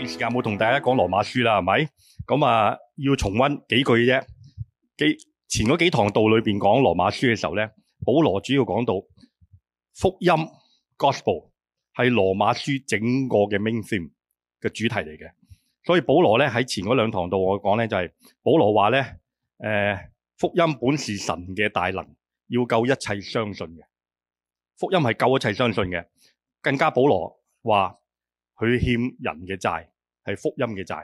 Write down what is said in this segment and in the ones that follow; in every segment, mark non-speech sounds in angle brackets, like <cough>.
段時間冇同大家講羅馬書啦，係咪？咁啊，要重温幾句啫。幾前嗰幾堂道裏邊講羅馬書嘅時候咧，保羅主要講到福音 （Gospel） 係羅馬書整個嘅 main theme 嘅主題嚟嘅。所以保羅咧喺前嗰兩堂度，我講咧就係、是、保羅話咧，誒、呃，福音本是神嘅大能，要救一切相信嘅。福音係救一切相信嘅，更加保羅話。佢欠人嘅債係福音嘅債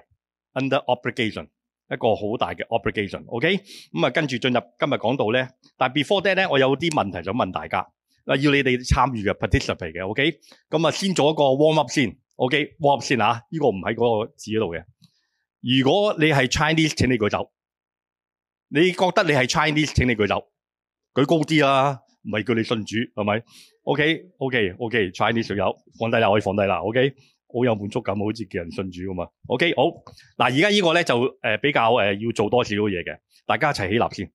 ，under obligation 一個好大嘅 obligation，OK？咁啊，跟住進入今日講到咧，但係 before that 咧，我有啲問題想問大家，啊，要你哋參與嘅 participate 嘅，OK？咁啊，先做一個 warm up 先，OK？warm up 先嚇，呢個唔喺嗰個紙嗰度嘅。如果你係 Chinese，請你舉手。你覺得你係 Chinese，請你舉手。舉高啲啦，唔係叫你信主，係咪？OK，OK，OK，Chinese 上有放低啦，可以放低啦，OK？好有滿足感，好似叫人信主啊嘛。OK，好嗱，而家呢個咧就誒比較誒要做多少少嘢嘅，大家一齊起，起立先。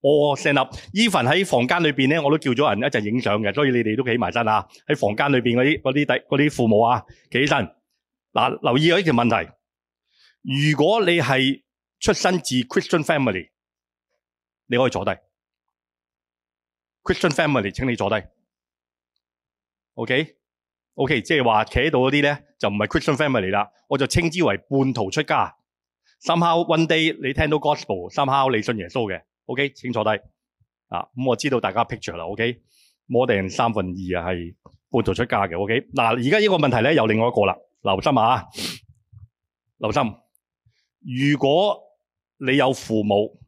哦，All stand。Even 喺房間裏邊咧，我都叫咗人一陣影相嘅，所以你哋都企埋身啊。喺房間裏邊嗰啲啲弟啲父母啊，企起身。嗱、啊，留意有呢條問題。如果你係出生自 Christian family，你可以坐低。Christian family 請你坐低。OK。O K，即係話企喺度嗰啲咧，就唔係 Christian family 嚟啦，我就稱之為半途出家。Somehow one day 你聽到 gospel，somehow 你信耶穌嘅。O、okay? K，請坐低。啊，咁、嗯、我知道大家 picture 啦。O K，more than 三分二係半途出家嘅。O K，嗱，而家呢個問題咧，有另外一個啦。留心下啊，留心。如果你有父母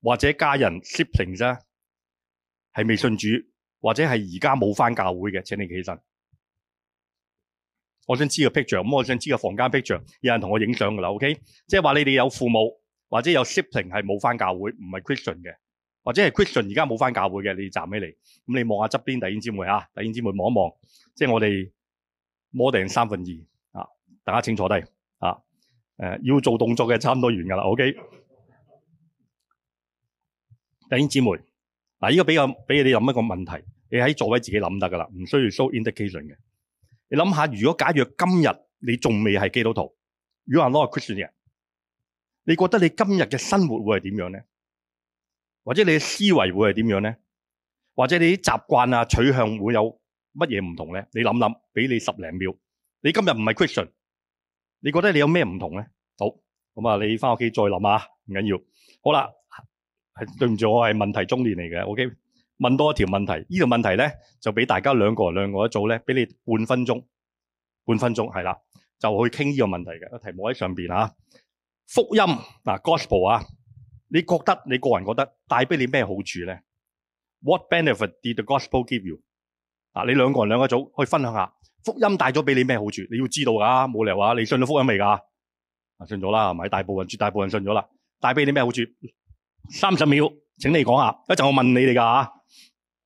或者家人 siblings 啫，係未信主，或者係而家冇翻教會嘅，請你起身。我想知個 picture，咁我想知個房間 picture。有人同我影相噶啦，OK。即係話你哋有父母或者有 sibling 係冇翻教會，唔係 Christian 嘅，或者係 Christian 而家冇翻教會嘅，你哋站起嚟，咁你望下側邊弟兄姊妹啊，弟兄姊妹望一望，即係我哋 more than 三分二啊，大家請坐低啊，誒要做動作嘅差唔多完噶啦，OK。弟兄姊妹，嗱呢個比較俾你哋諗一個問題，你喺座位自己諗得噶啦，唔需要 show indication 嘅。想想你諗下，如果假若今日你仲未係基督徒，如果係攞個 Christian 嘅，你覺得你今日嘅生活會係點樣咧？或者你嘅思維會係點樣咧？或者你啲習慣啊取向，會有乜嘢唔同咧？你諗諗，俾你十零秒，你今日唔係 Christian，你覺得你有咩唔同咧？好，咁啊，你翻屋企再諗下，唔緊要。好啦，係對唔住，我係問題中年嚟嘅，OK。問多一條問題，呢、這、條、個、問題咧就俾大家兩個人兩個一組咧，俾你半分鐘，半分鐘係啦，就去傾呢個問題嘅個題目喺上邊啊。福音嗱、啊、，Gospel 啊，你覺得你個人覺得帶俾你咩好處咧？What benefit did the gospel give you? 嗱、啊，你兩個人兩個一組去分享下福音帶咗俾你咩好處？你要知道噶、啊，冇理由話、啊、你信咗福音未噶？啊，信咗啦，係咪？大部分人絕大部分信咗啦，帶俾你咩好處？三十秒，請你講下，一陣我問你哋噶吓。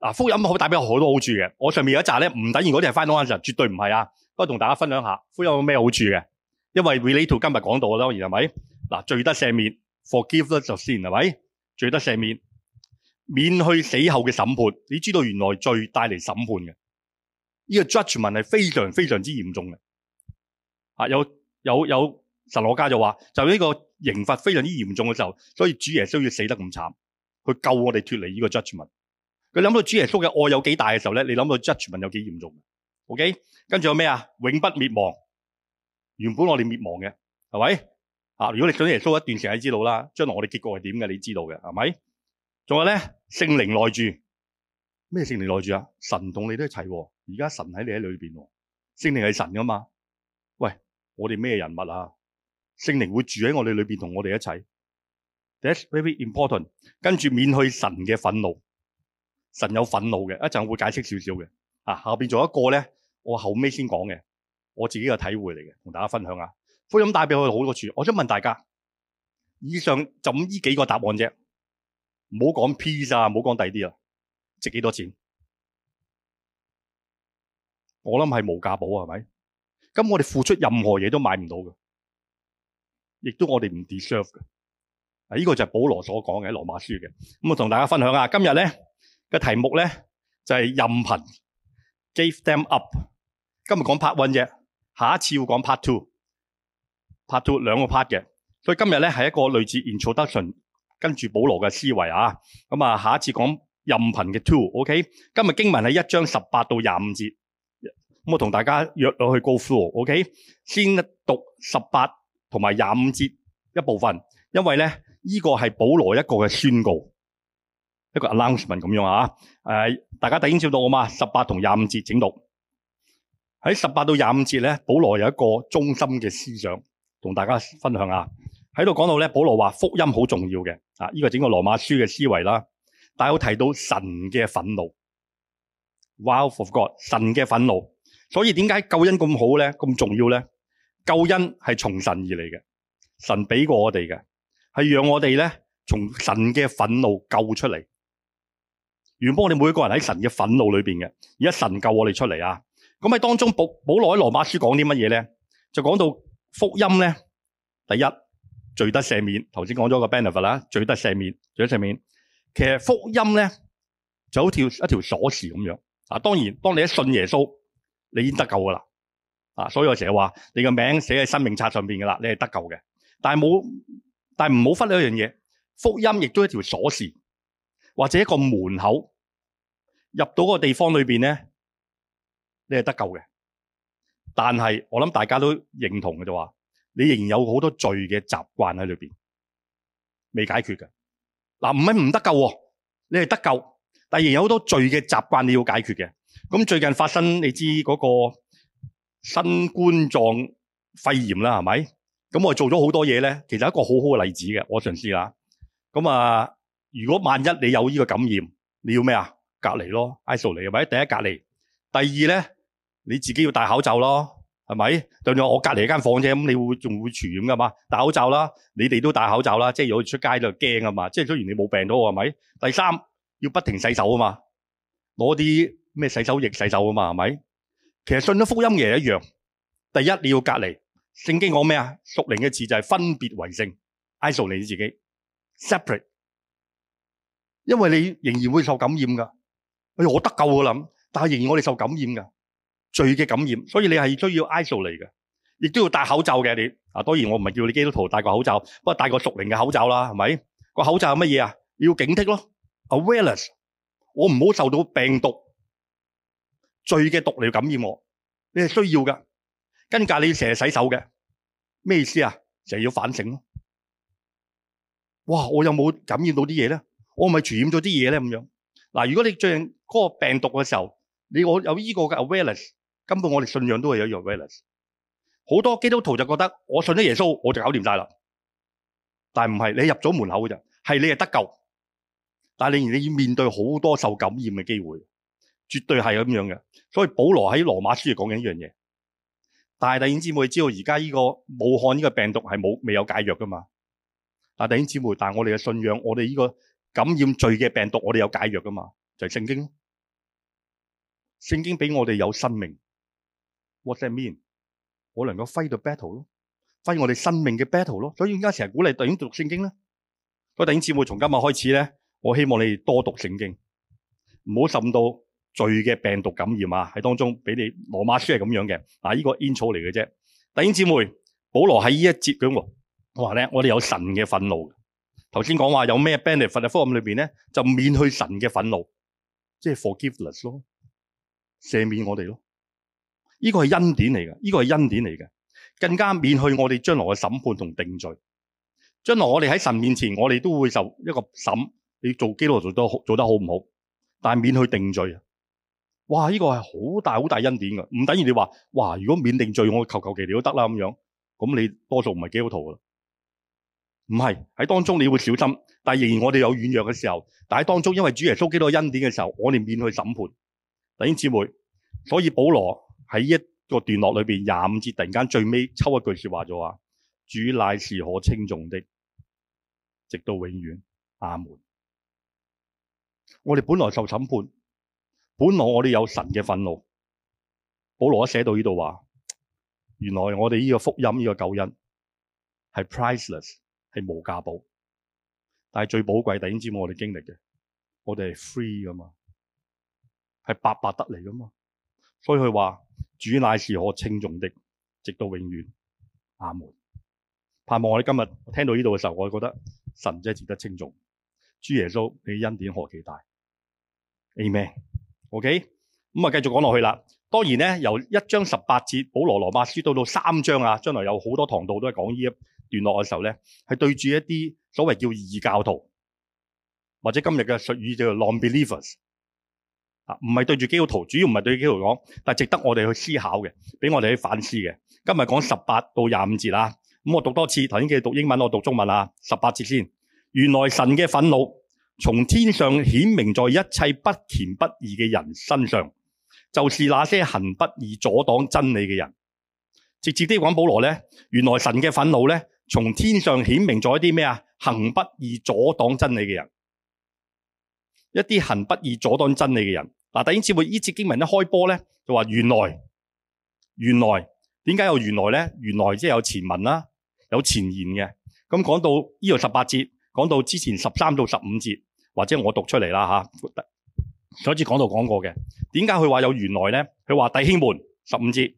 嗱，福音好帶俾我好多好處嘅。我上面有一紮咧，唔等於嗰啲係翻動文就絕對唔係啊。不過同大家分享下福音有咩好處嘅？因為 relate 今日講到啦，當然係咪？嗱，罪得赦免，forgive 咧就先係咪？罪得赦免，免去死後嘅審判。你知道原來罪帶嚟審判嘅，呢個 judgement 係非常非常之嚴重嘅。啊，有有有神學家就話，就呢個刑罰非常之嚴重嘅時候，所以主耶穌要死得咁慘，去救我哋脫離呢個 judgement。佢諗到主耶穌嘅愛有幾大嘅時候咧，你諗到 judgement 有幾嚴重？OK，跟住有咩啊？永不滅亡，原本我哋滅亡嘅，係咪？啊，如果你想耶穌一段時間知道啦，將來我哋結果係點嘅，你知道嘅係咪？仲有咧，聖靈內住，咩聖靈內住啊？神同你都一齊，而家神喺你喺裏邊，聖靈係神噶嘛？喂，我哋咩人物啊？聖靈會住喺我哋裏邊，同我哋一齊。That's very important。跟住免去神嘅憤怒。神有憤怒嘅，一陣會解釋少少嘅。啊，下邊仲有一個咧，我後尾先講嘅，我自己嘅體會嚟嘅，同大家分享下。福音帶俾我哋好多處，我想問大家，以上就呢幾個答案啫，唔好講 pizza 啊，唔好講第啲啊，值幾多錢？我諗係無價寶係咪？咁我哋付出任何嘢都買唔到嘅，亦都我哋唔 deserve 嘅。啊，呢個就係保羅所講嘅羅馬書嘅。咁啊，同大家分享啊，今日咧。個題目呢就係、是、任憑 give them up。今日講 part one 啫，下一次要講 part two，part two 兩個 part 嘅。所以今日呢係一個類似 introduction，跟住保羅嘅思維啊。咁、嗯、啊，下一次講任憑嘅 two，ok、okay？今日經文係一章十八到廿五節，咁我同大家約落去 go through ok。先讀十八同埋廿五節一部分，因為呢呢、這個係保羅一個嘅宣告。一個 announcement 咁樣啊，誒，大家突然接到我嘛？十八同廿五節整讀喺十八到廿五節咧，保羅有一個中心嘅思想同大家分享啊。喺度講到咧，保羅話福音好重要嘅，啊，呢、這個整個羅馬書嘅思維啦。但係我提到神嘅憤怒 w、wrath of God 神嘅憤怒，所以點解救恩咁好咧？咁重要咧？救恩係從神而嚟嘅，神俾過我哋嘅，係讓我哋咧從神嘅憤怒救出嚟。原本我哋每個人喺神嘅憤怒裏邊嘅，而家神救我哋出嚟啊！咁喺當中保保羅喺羅馬書講啲乜嘢咧？就講到福音咧，第一，罪得赦免。頭先講咗個 benefit 啦，罪得赦免，罪得赦免。其實福音咧就好似一條鎖匙咁樣啊。當然，當你一信耶穌，你已經得救噶啦啊！所以我成日話，你個名寫喺生命冊上邊噶啦，你係得救嘅。但係冇，但係唔好忽略一樣嘢，福音亦都係一條鎖匙，或者一個門口。入到嗰個地方裏邊咧，你係得救嘅。但係我諗大家都認同嘅就話，你仍然有好多罪嘅習慣喺裏邊未解決嘅。嗱、啊，唔係唔得救，你係得救，但係仍然有好多罪嘅習慣你要解決嘅。咁、嗯、最近發生你知嗰個新冠狀肺炎啦，係咪？咁我哋做咗好多嘢咧，其實一個好好嘅例子嘅。我嘗試啦。咁、嗯、啊，如果萬一你有呢個感染，你要咩啊？隔離咯 isolate 第一隔離，第二咧你自己要戴口罩咯，係咪？正如我隔籬間房啫，咁你會仲會傳染噶嘛？戴口罩啦，你哋都戴口罩啦，即係如果出街就驚啊嘛，即係雖然你冇病到係咪？第三要不停洗手啊嘛，攞啲咩洗手液洗手啊嘛，係咪？其實信咗福音嘅一樣，第一你要隔離，聖經講咩啊？屬靈嘅字就係分別為聖 isolate 自己，separate，因為你仍然會受感染噶。哎、我得救我諗，但係仍然我哋受感染噶罪嘅感染，所以你係需要 isolate 嘅，亦都要戴口罩嘅。你啊，當然我唔係叫你基督徒戴個口罩，不過戴個熟齡嘅口罩啦，係咪？個口罩乜嘢啊？要警惕咯，awareness，我唔好受到病毒罪嘅毒嚟感染我。你係需要噶，跟住你成日洗手嘅，咩意思啊？成日要反省咯。哇，我有冇感染到啲嘢咧？我咪傳染咗啲嘢咧？咁樣。嗱，如果你最近嗰個病毒嘅時候，你我有呢個嘅 awareness，根本我哋信仰都係有 awareness。好多基督徒就覺得我信咗耶穌，我就搞掂晒啦。但係唔係，你入咗門口嘅啫，係你係得救，但係你你要面對好多受感染嘅機會，絕對係咁樣嘅。所以保羅喺羅馬書嚟講緊一樣嘢。但係弟兄姊妹，知道而家呢個武漢呢個病毒係冇未有解藥噶嘛？但係弟兄姊妹，但係我哋嘅信仰，我哋呢個。感染罪嘅病毒，我哋有解藥噶嘛？就係、是、聖經咯。聖經俾我哋有生命，What's that mean？我能夠 fight the battle 咯，fight 我哋生命嘅 battle 咯。所以依家成日鼓勵弟兄讀聖經咧。各位弟兄姊妹，從今日開始咧，我希望你哋多讀聖經，唔好滲到罪嘅病毒感染啊！喺當中俾你羅馬書係咁樣嘅嗱，呢、這個煙草嚟嘅啫。弟兄姊妹，保羅喺呢一節咁，我話咧，我哋有神嘅憤怒。頭先講話有咩 benefit 喺福音裏邊咧，就免去神嘅憤怒，即係 forgiveness 咯，赦免我哋咯。呢個係恩典嚟嘅，呢個係恩典嚟嘅，更加免去我哋將來嘅審判同定罪。將來我哋喺神面前，我哋都會受一個審，你做基督徒做得做得好唔好，但係免去定罪。哇，呢個係好大好大恩典噶，唔等於你話哇，如果免定罪，我求求其都得啦咁樣，咁你多數唔係基督徒噶啦。唔係，喺當中你會小心，但仍然我哋有軟弱嘅時候。但喺當中，因為主耶穌基督恩典嘅時候，我哋免去審判，弟兄姊妹。所以保羅喺一個段落裏邊廿五節突然間最尾抽一句說話就話：主乃是可稱頌的，直到永遠。阿門。我哋本來受審判，本來我哋有神嘅憤怒。保羅寫到呢度話：原來我哋呢個福音呢個救恩係 priceless。係無價寶，但係最寶貴，大家知我哋經歷嘅，我哋係 free 噶嘛，係白白得嚟噶嘛，所以佢話主乃是可稱頌的，直到永遠。阿門！盼望我哋今日聽到呢度嘅時候，我哋覺得神真係值得稱頌。主耶穌你恩典何其大！Amen。OK，咁啊繼續講落去啦。當然咧，由一章十八節保羅羅馬書到到三章啊，將來有好多堂道都係講呢。段落嘅時候咧，係對住一啲所謂叫異教徒，或者今日嘅術語就叫 non-believers 啊，唔係對住基督徒，主要唔係對基督徒講，但係值得我哋去思考嘅，俾我哋去反思嘅。今日講十八到廿五節啦，咁、嗯、我讀多次。頭先佢讀英文，我讀中文啊。十八節先，原來神嘅憤怒從天上顯明在一切不虔不義嘅人身上，就是那些行不義阻擋真理嘅人。直接啲講，保羅咧，原來神嘅憤怒咧。從天上顯明咗一啲咩啊？行不義阻擋真理嘅人，一啲行不義阻擋真理嘅人。嗱，弟兄姊妹，呢節經文一開波咧，就話原來，原來點解有原來咧？原來即係有前文啦，有前言嘅。咁講到呢度十八節，講到之前十三到十五節，或者我讀出嚟啦嚇。上次講到講過嘅，點解佢話有原來咧？佢話弟兄們，十五節，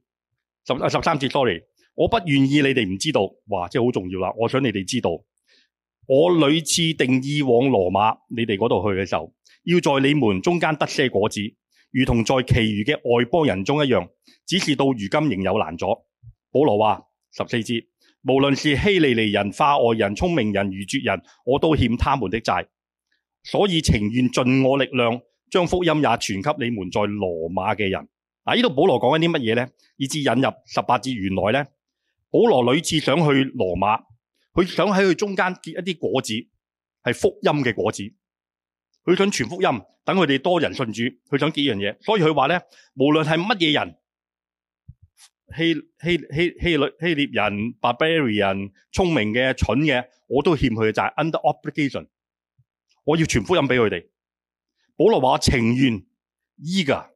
十十三節，sorry。我不願意你哋唔知道，哇！即係好重要啦。我想你哋知道，我屢次定意往羅馬你哋嗰度去嘅時候，要在你們中間得些果子，如同在其餘嘅外邦人中一樣。只是到如今仍有難阻。保羅話：十四節，無論是希利尼人、化外人、聰明人、愚拙人，我都欠他們的債，所以情願盡我力量，將福音也傳給你們在羅馬嘅人。嗱，呢度保羅講緊啲乜嘢咧？以致引入十八節原來咧。保羅屢次想去羅馬，佢想喺佢中間結一啲果子，係福音嘅果子。佢想傳福音，等佢哋多人信主。佢想結樣嘢，所以佢話咧，無論係乜嘢人，希希希希律、希臘人、barbarian、聰明嘅、蠢嘅，我都欠佢嘅就係 under obligation，我要傳福音俾佢哋。保羅話我情願 eager,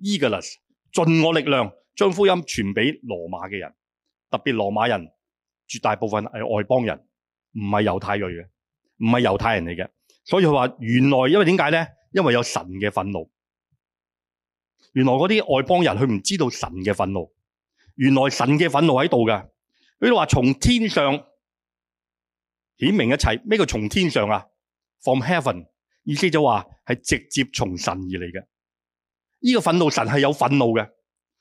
eagerness，盡我力量將福音傳俾羅馬嘅人。特別羅馬人，絕大部分係外邦人，唔係猶太裔嘅，唔係猶太人嚟嘅。所以佢話原來因為點解咧？因為有神嘅憤怒。原來嗰啲外邦人佢唔知道神嘅憤怒。原來神嘅憤怒喺度嘅。佢就話從天上顯明一切。咩叫從天上啊？From heaven 意思，就話係直接從神而嚟嘅。呢個憤怒，神係有憤怒嘅，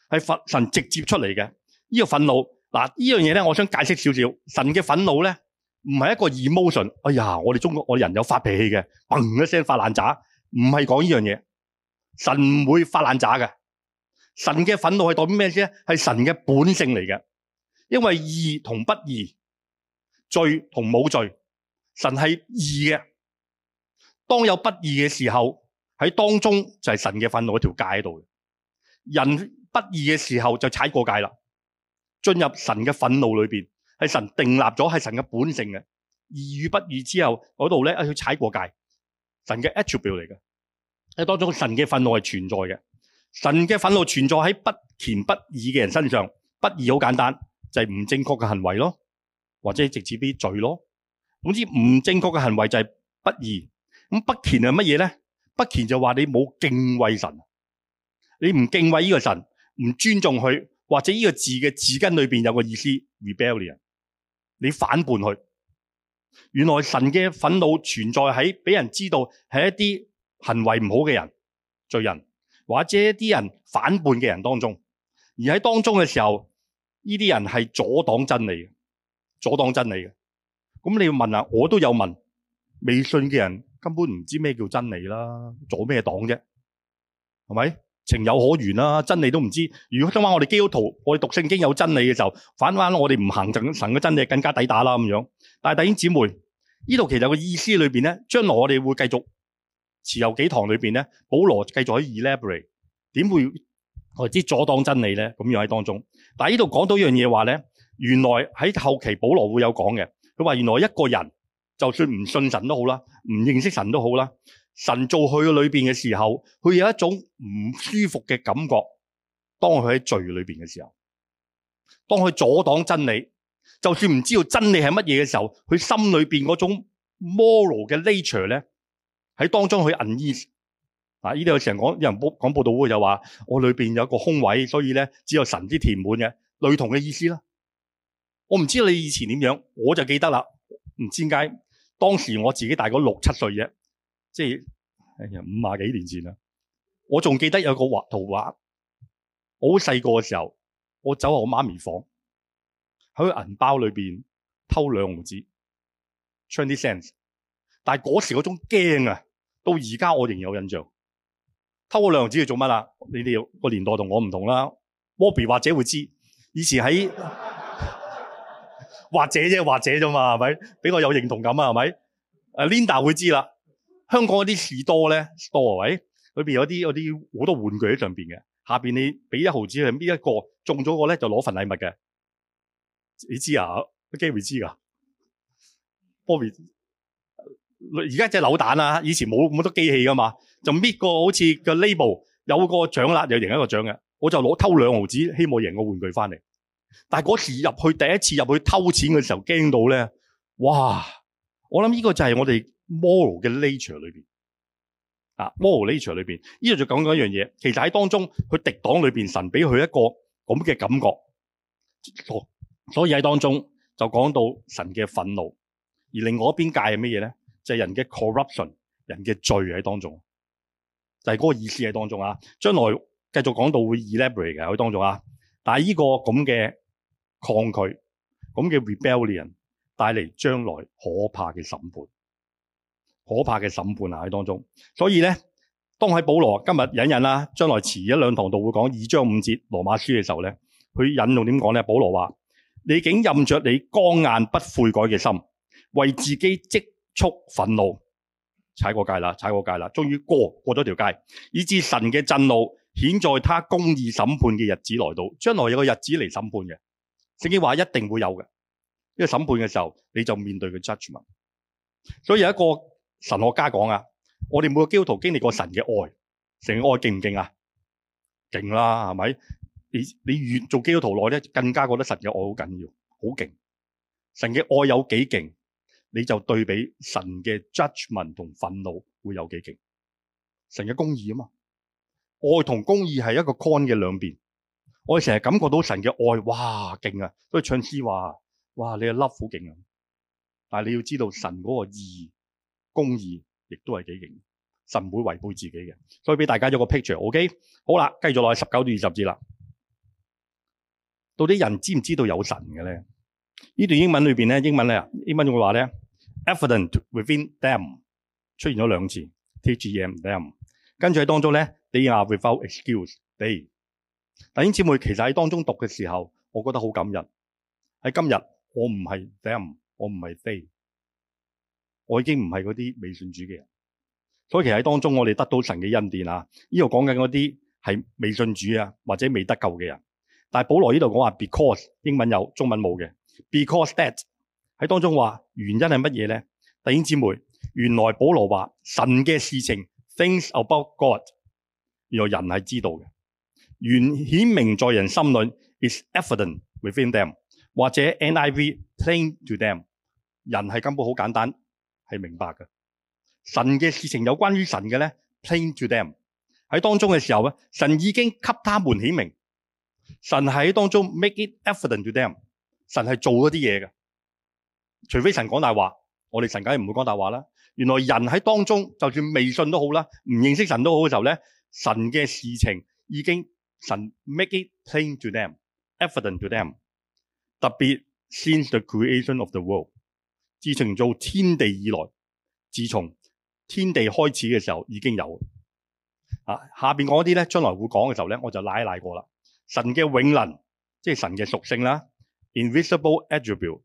係神直接出嚟嘅。呢個憤怒。嗱，呢樣嘢咧，我想解釋少少。神嘅憤怒咧，唔係一個 emotion。哎呀，我哋中國我人有發脾氣嘅，嘣一聲發爛渣，唔係講呢樣嘢。神唔會發爛渣嘅。神嘅憤怒係代表咩先？係神嘅本性嚟嘅。因為義同不義，罪同冇罪，神係義嘅。當有不義嘅時候，喺當中就係神嘅憤怒一條界喺度。人不義嘅時候就踩過界啦。進入神嘅憤怒裏邊，係神定立咗，係神嘅本性嘅，義與不義之後嗰度咧，啊，要踩過界，神嘅 attribute 嚟嘅，喺當中神嘅憤怒係存在嘅，神嘅憤怒存在喺不虔不義嘅人身上。不義好簡單，就係、是、唔正確嘅行為咯，或者直接啲罪咯，總之唔正確嘅行為就係不義，咁不虔係乜嘢咧？不虔就話你冇敬畏神，你唔敬畏呢個神，唔尊重佢。或者呢個字嘅字根裏邊有個意思，rebellion，你反叛佢。原來神嘅憤怒存在喺俾人知道係一啲行為唔好嘅人、罪人，或者一啲人反叛嘅人當中。而喺當中嘅時候，呢啲人係阻擋真理嘅，阻擋真理嘅。咁你要問啊，我都有問，未信嘅人根本唔知咩叫真理啦，阻咩擋啫？係咪？情有可原啦、啊，真理都唔知。如果想話我哋基督徒，我哋讀聖經有真理嘅時候，反翻我哋唔行神嘅真理，更加抵打啦咁樣。但係弟兄姊妹，呢度其實個意思裏邊咧，將來我哋會繼續持有幾堂裏邊咧，保羅繼續去 elaborate 點會為之阻擋真理咧咁樣喺當中。但係呢度講到一樣嘢話咧，原來喺後期保羅會有講嘅。佢話原來一個人就算唔信神都好啦，唔認識神都好啦。神做佢嘅裏邊嘅時候，佢有一種唔舒服嘅感覺。當佢喺罪裏邊嘅時候，當佢阻擋真理，就算唔知道真理係乜嘢嘅時候，佢心裏邊嗰種 moral 嘅 nature 咧，喺當中去 unease。嗱、啊，呢度有成日講，有人報講報道會就話，我裏邊有個空位，所以咧只有神之填滿嘅，類同嘅意思啦。我唔知你以前點樣，我就記得啦。唔知點解當時我自己大個六七歲啫。即係五廿幾年前啦，我仲記得有個畫圖畫，我好細個嘅時候，我走下我媽咪房，喺銀包裏邊偷兩毫子 （twenty c e n s e 但係嗰時嗰種驚啊，到而家我仍然有印象。偷嗰兩毫子要做乜啦？你哋個年代同我唔同啦。Bobby 或者會知，以前喺 <laughs> 或者啫，或者咋嘛，係咪？比較有認同感啊，係咪？啊，Linda 會知啦。香港嗰啲士多咧，store 位裏邊有啲啲好多玩具喺上邊嘅，下邊你俾一毫子去搣一個，中咗個咧就攞份禮物嘅。你知啊，啲機會知噶。Bobby，而家只扭蛋啊，以前冇咁多機器噶嘛，就搣個好似個 label，有個獎啦，又贏一個獎嘅。我就攞偷兩毫紙，希望贏個玩具翻嚟。但係嗰時入去第一次入去偷錢嘅時候，驚到咧，哇！我諗呢個就係我哋。Moral 嘅 nature 裏邊啊，Moral nature 裏邊，呢度就講緊一樣嘢。其實喺當中，佢敵擋裏邊，神俾佢一個咁嘅感覺。所以喺當中就講到神嘅憤怒，而另外一邊界係乜嘢咧？就係、是、人嘅 corruption，人嘅罪喺當中，就係、是、嗰個意思喺當中啊。將來繼續講到會 elaborate 嘅喺當中啊。但係呢個咁嘅抗拒，咁嘅 rebellion，帶嚟將來可怕嘅審判。可怕嘅審判啊！喺當中，所以咧，當喺保羅今日引引啦，將來遲一兩堂度會講二章五節《羅馬書》嘅時候咧，佢引用點講咧？保羅話：你竟任着你剛硬不悔改嘅心，為自己積蓄憤怒，踩過界啦，踩過界啦，終於過過咗條界，以致神嘅震怒顯在他公義審判嘅日子來到。將來有個日子嚟審判嘅，聖經話一定會有嘅。因為審判嘅時候，你就面對嘅 judgement。所以有一個，神學家講啊，我哋每個基督徒經歷過神嘅愛，成個愛勁唔勁啊？勁啦，係咪？你你越做基督徒耐咧，更加覺得神嘅愛好緊要，好勁。神嘅愛有幾勁，你就對比神嘅 judgment 同憤怒會有幾勁。神嘅公義啊嘛，愛同公義係一個 coin 嘅兩邊。我哋成日感覺到神嘅愛，哇，勁啊！所以唱詩話，哇，你粒好勁啊！但係你要知道神嗰個義。公義亦都係幾勁，神唔會違背自己嘅，所以俾大家咗個 picture。OK，好啦，繼續落去十九到二十節啦。到底人知唔知道有神嘅咧？呢段英文裏邊咧，英文咧，英文句話咧，“evident within them” 出現咗兩次，TGM them。跟住喺當中咧，they are without excuse，they。大英姐妹，其實喺當中讀嘅時候，我覺得好感人。喺今日，我唔係 them，我唔係 they。我已經唔係嗰啲未信主嘅人，所以其實喺當中我哋得到神嘅恩典啊！呢度講緊嗰啲係未信主啊或者未得救嘅人，但係保羅呢度講話，because 英文有中文冇嘅，because that 喺當中話原因係乜嘢咧？弟兄姊妹，原來保羅話神嘅事情 things about God，原來人係知道嘅，原顯明在人心裏 is evident within them，或者 NIV plain to them，人係根本好簡單。係明白嘅，神嘅事情有關於神嘅咧，plain to them 喺當中嘅時候咧，神已經給他們顯明，神喺當中 make it evident to them，神係做咗啲嘢嘅，除非神講大話，我哋神梗係唔會講大話啦。原來人喺當中，就算未信都好啦，唔認識神都好嘅時候咧，神嘅事情已經神 make it plain to them, evident to them，特別 since the creation of the world。自從做天地以來，自從天地開始嘅時候已經有啊。下邊嗰啲咧，將來會講嘅時候咧，我就拉一拉過啦。神嘅永能，即係神嘅屬性啦，invisible attribute。In Att ute,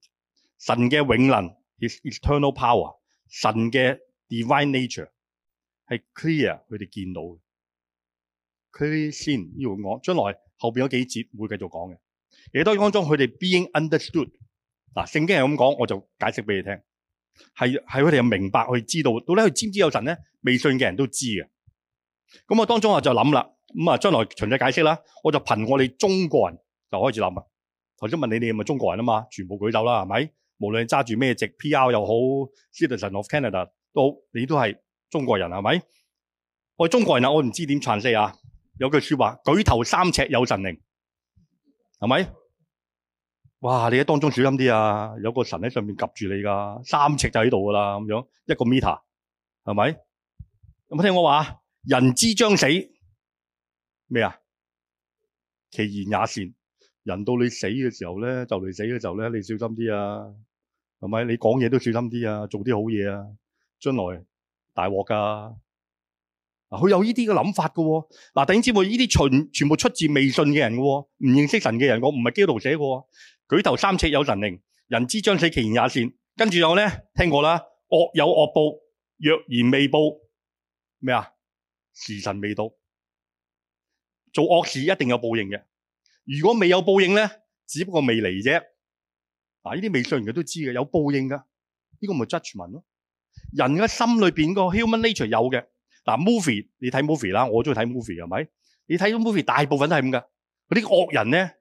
神嘅永能，his eternal power。神嘅 divine nature 係 clear，佢哋見到 clear seen。我將來後邊有幾節會繼續講嘅。亦都當中佢哋 being understood。嗱，聖經係咁講，我就解釋俾你聽，係係佢哋明白去知道，到底佢知唔知有神咧？未信嘅人都知嘅。咁、嗯、我當中我就諗啦，咁啊將來循序解釋啦，我就憑我哋中國人就開始諗啦。頭先問你哋係咪中國人啊嘛？全部舉手啦，係咪？無論揸住咩籍，P.R. 又好，Citizen of Canada 都好，你都係中國人係咪？我中國人啊，我唔知點傳世啊。有句説話，舉頭三尺有神靈，係咪？哇！你喺當中小心啲啊，有個神喺上面夾住你噶，三尺就喺度噶啦，咁樣一個 meter 係咪？有冇聽我話？人之將死，咩啊？其言也善。人到你死嘅時候咧，就嚟死嘅時候咧，你小心啲啊，係咪？你講嘢都小心啲啊，做啲好嘢啊，將來大鑊噶。嗱，佢有呢啲嘅諗法噶。嗱，頂知冇呢啲全全部出自未信嘅人噶，啊，唔認識神嘅人我唔係基督徒寫噶。舉頭三尺有神靈，人之將死，其言也善。跟住有咧，聽過啦，惡有惡報，若然未報，咩啊？時辰未到，做惡事一定有報應嘅。如果未有報應咧，只不過未嚟啫。嗱、啊，呢啲未信嘅都知嘅，有報應噶。呢、這個咪質問咯。人嘅心裏邊個 human nature 有嘅。嗱、啊、movie 你睇 movie 啦，我中意睇 movie 係咪？你睇咗 movie 大部分都係咁噶。嗰啲惡人咧，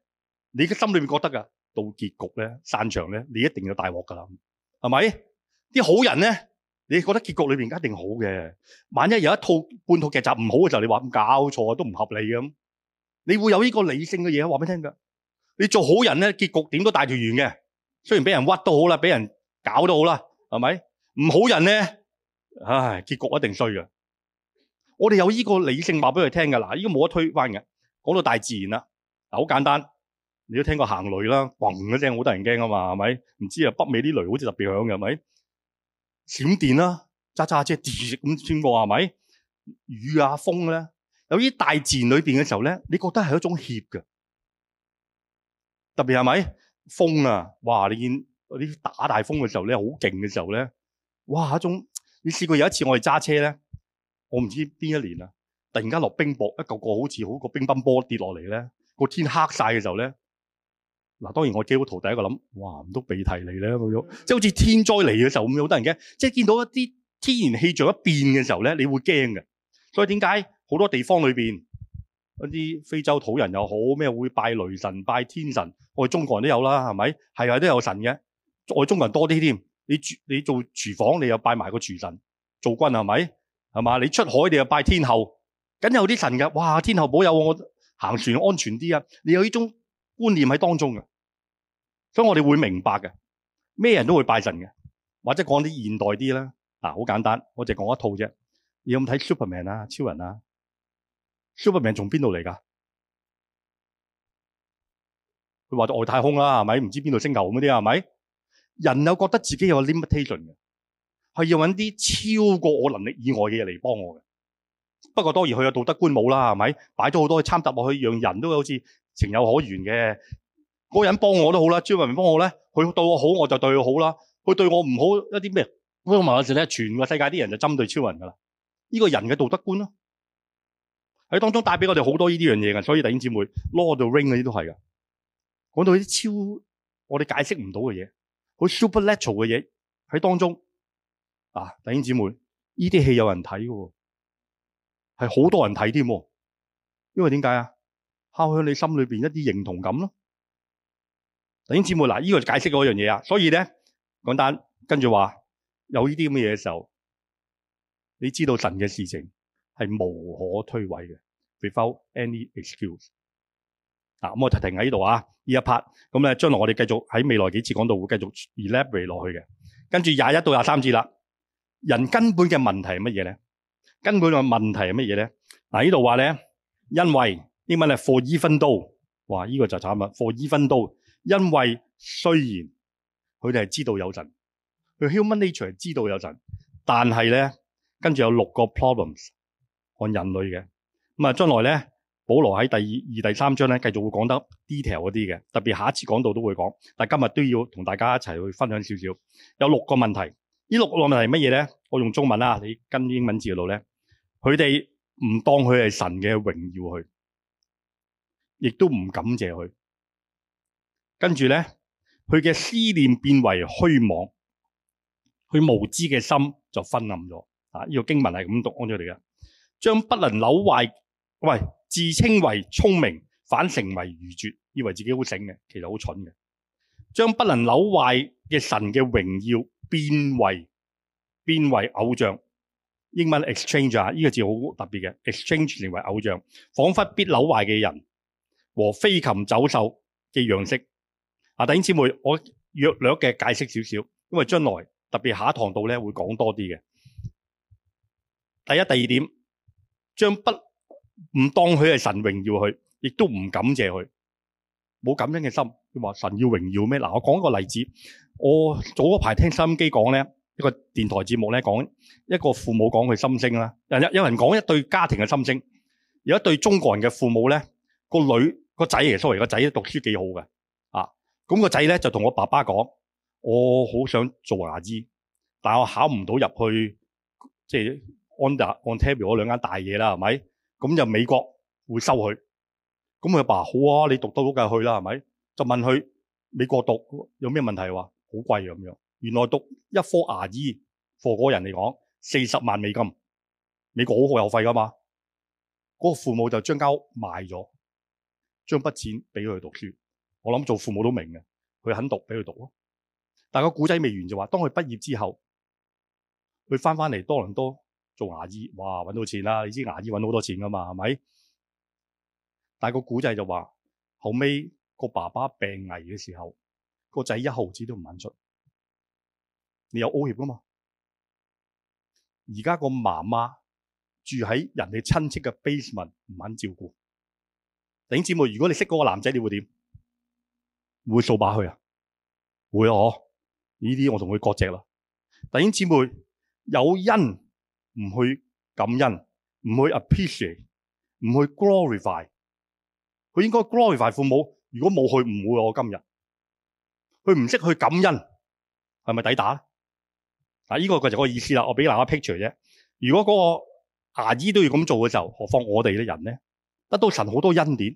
你嘅心裏面覺得噶。到結局咧，散場咧，你一定有大鑊噶啦，係咪？啲好人咧，你覺得結局裏邊一定好嘅。萬一有一套半套劇集唔好嘅時候，你話咁搞錯都唔合理咁，你會有呢個理性嘅嘢話俾你聽㗎。你做好人咧，結局點都大團圓嘅，雖然俾人屈都好啦，俾人搞都好啦，係咪？唔好人咧，唉，結局一定衰㗎。我哋有呢個理性話俾佢聽㗎，嗱，呢個冇得推翻嘅。講到大自然啦，好簡單。你都聽過行雷啦，嘣嗰聲好得人驚啊嘛，係咪？唔知啊北美啲雷好似特別響嘅，係咪？閃電啦、啊，揸揸車跌咁穿過，係咪？雨啊風咧、啊，有啲大自然裏邊嘅時候咧，你覺得係一種怯嘅，特別，係咪？風啊，哇！你見嗰啲打大風嘅時候咧，好勁嘅時候咧，哇！一種你試過有一次我哋揸車咧，我唔知邊一年啊，突然間落冰雹，一嚿嚿好似好個乒乓波跌落嚟咧，個天黑晒嘅時候咧。嗱，當然我基督徒第一個諗，哇！都被提嚟咧，冇咗，即係好似天災嚟嘅時候咁樣，好得人驚。即係見到一啲天然氣象一變嘅時候咧，你會驚嘅。所以點解好多地方裏邊嗰啲非洲土人又好，咩會拜雷神、拜天神？我哋中國人都有啦，係咪？係啊，都有神嘅。我哋中國人多啲添。你住你做廚房，你又拜埋個廚神。做軍係咪？係嘛？你出海你又拜天后。梗有啲神嘅，哇！天后保佑我行船安全啲啊！你有呢種觀念喺當中嘅。所以我哋會明白嘅，咩人都會拜神嘅，或者講啲現代啲啦，嗱、啊、好簡單，我淨講一套啫。你有冇睇 Superman 啊、超人啊？Superman 從邊度嚟㗎？佢話咗外太空啦、啊，係咪？唔知邊度星球嗰啲係咪？人又覺得自己有 limitation 嘅，係要揾啲超過我能力以外嘅嘢嚟幫我嘅。不過當然佢有道德觀冇啦，係咪？擺咗好多去參雜落去，讓人都好似情有可原嘅。個人幫我都好啦，超人幫我咧，佢對我好我就對佢好啦。佢對我唔好一啲咩？嗰陣時咧，全個世界啲人就針對超人噶啦。呢個人嘅道德觀咯，喺當中帶俾我哋好多呢啲樣嘢嘅。所以弟兄姊妹，Lord of the Ring 嗰啲都係噶，講到啲超，我哋解釋唔到嘅嘢，好 supernatural 嘅嘢喺當中啊！弟兄姊妹，呢啲戲有人睇嘅喎，係好多人睇添，因為點解啊？敲響你心裏邊一啲認同感咯。弟兄姊妹，嗱，呢個就解釋嗰樣嘢啊，所以咧，簡單跟住話有呢啲咁嘅嘢嘅時候，你知道神嘅事情係無可推諉嘅 without any excuse。嗱，咁我提停喺呢度啊，呢、嗯啊、一 part，咁咧將來我哋繼續喺未來幾次講道會繼續 elaborate 落去嘅。跟住廿一到廿三節啦，人根本嘅問題係乜嘢咧？根本嘅問題係乜嘢咧？嗱、啊，呢度話咧，因為英文係 for 伊分刀，哇，呢、這個就係產物，for 伊分刀。因為雖然佢哋係知道有神，佢 human nature 係知道有神，但係咧跟住有六個 problems，按人類嘅咁啊，將來咧保羅喺第二二第三章咧繼續會講得 detail 嗰啲嘅，特別下一次講到都會講，但係今日都要同大家一齊去分享少少。有六個問題，呢六個問題係乜嘢咧？我用中文啦，你跟英文字嗰度咧，佢哋唔當佢係神嘅榮耀去，亦都唔感謝佢。跟住咧，佢嘅思念變為虛妄，佢無知嘅心就昏暗咗。啊，呢個經文係咁讀講出嚟嘅。將不能扭壞，唔係自稱為聰明，反成為愚拙，以為自己好醒嘅，其實好蠢嘅。將不能扭壞嘅神嘅榮耀變為變為偶像，英文 exchange 啊，呢個字好特別嘅，exchange 成為偶像，仿佛必扭壞嘅人和飛禽走獸嘅樣式。啊，弟兄姊妹，我略略嘅解釋少少，因為將來特別下一堂度咧會講多啲嘅。第一、第二點，將不唔當佢係神榮耀佢亦都唔感謝佢，冇感恩嘅心。話神要榮耀咩？嗱，我講一個例子，我早嗰排聽收音機講咧，一個電台節目咧講一個父母講佢心聲啦。有人有人講一對家庭嘅心聲，有一對中國人嘅父母咧，個女個仔其實作為個仔讀書幾好嘅。咁個仔咧就同我爸爸講：我好想做牙醫，但係我考唔到入去，即係安達安 table 嗰兩間大嘢啦，係咪？咁就美國會收佢。咁我爸爸好啊，你讀到屋梗係去啦，係咪？就問佢美國讀有咩問題啊？話好貴咁樣。原來讀一科牙醫，for 嗰人嚟講四十萬美金。美國好高學費噶嘛。嗰個父母就將間屋賣咗，將筆錢俾佢去讀書。我諗做父母都明嘅，佢肯讀俾佢讀咯。但個古仔未完就話，當佢畢業之後，佢翻翻嚟多倫多做牙醫，哇，搵到錢啦！你知牙醫搵好多錢噶嘛，係咪？但個古仔就話，後尾個爸爸病危嘅時候，個仔一毫子都唔肯出。你有保險噶嘛？而家個媽媽住喺人哋親戚嘅 basement，唔肯照顧。頂姊妹，如果你識嗰個男仔，你會點？會掃把去啊？會咯嗬，呢啲我同佢割席啦。弟兄姊妹有恩唔去感恩，唔去 appreciate，唔去 glorify，佢應該 glorify 父母。如果冇佢，唔會我今日。佢唔識去感恩，係咪抵打？嗱，呢個佢就個意思啦。我俾嗱下 picture 啫。如果嗰個牙醫都要咁做嘅時候，何況我哋啲人呢？得到神好多恩典。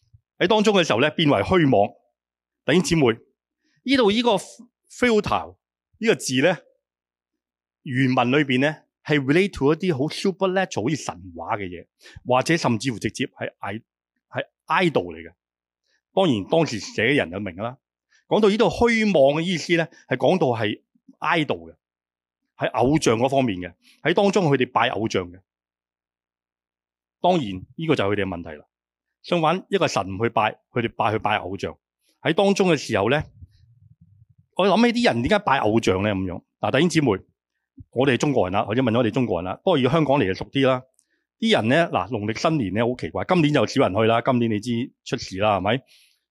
喺當中嘅時候咧，變為虛妄。弟兄姊妹，呢度呢個 filter 呢個字咧，原文裏邊咧係 relate to 一啲好 supernatural 好似神話嘅嘢，或者甚至乎直接係 id 係 idol 嚟嘅。當然當時寫嘅人就明㗎啦。講到呢度虛妄嘅意思咧，係講到係 idol 嘅，係偶像嗰方面嘅。喺當中佢哋拜偶像嘅，當然呢個就係佢哋嘅問題啦。想揾一個神去拜，佢哋拜去拜偶像喺當中嘅時候咧，我諗起啲人點解拜偶像咧咁樣嗱，弟兄姊妹，我哋中國人啦，或者問咗我哋中國人啦，不過如果香港嚟就熟啲啦。啲人咧嗱，農曆新年咧好奇怪，今年就少人去啦，今年你知出事啦係咪？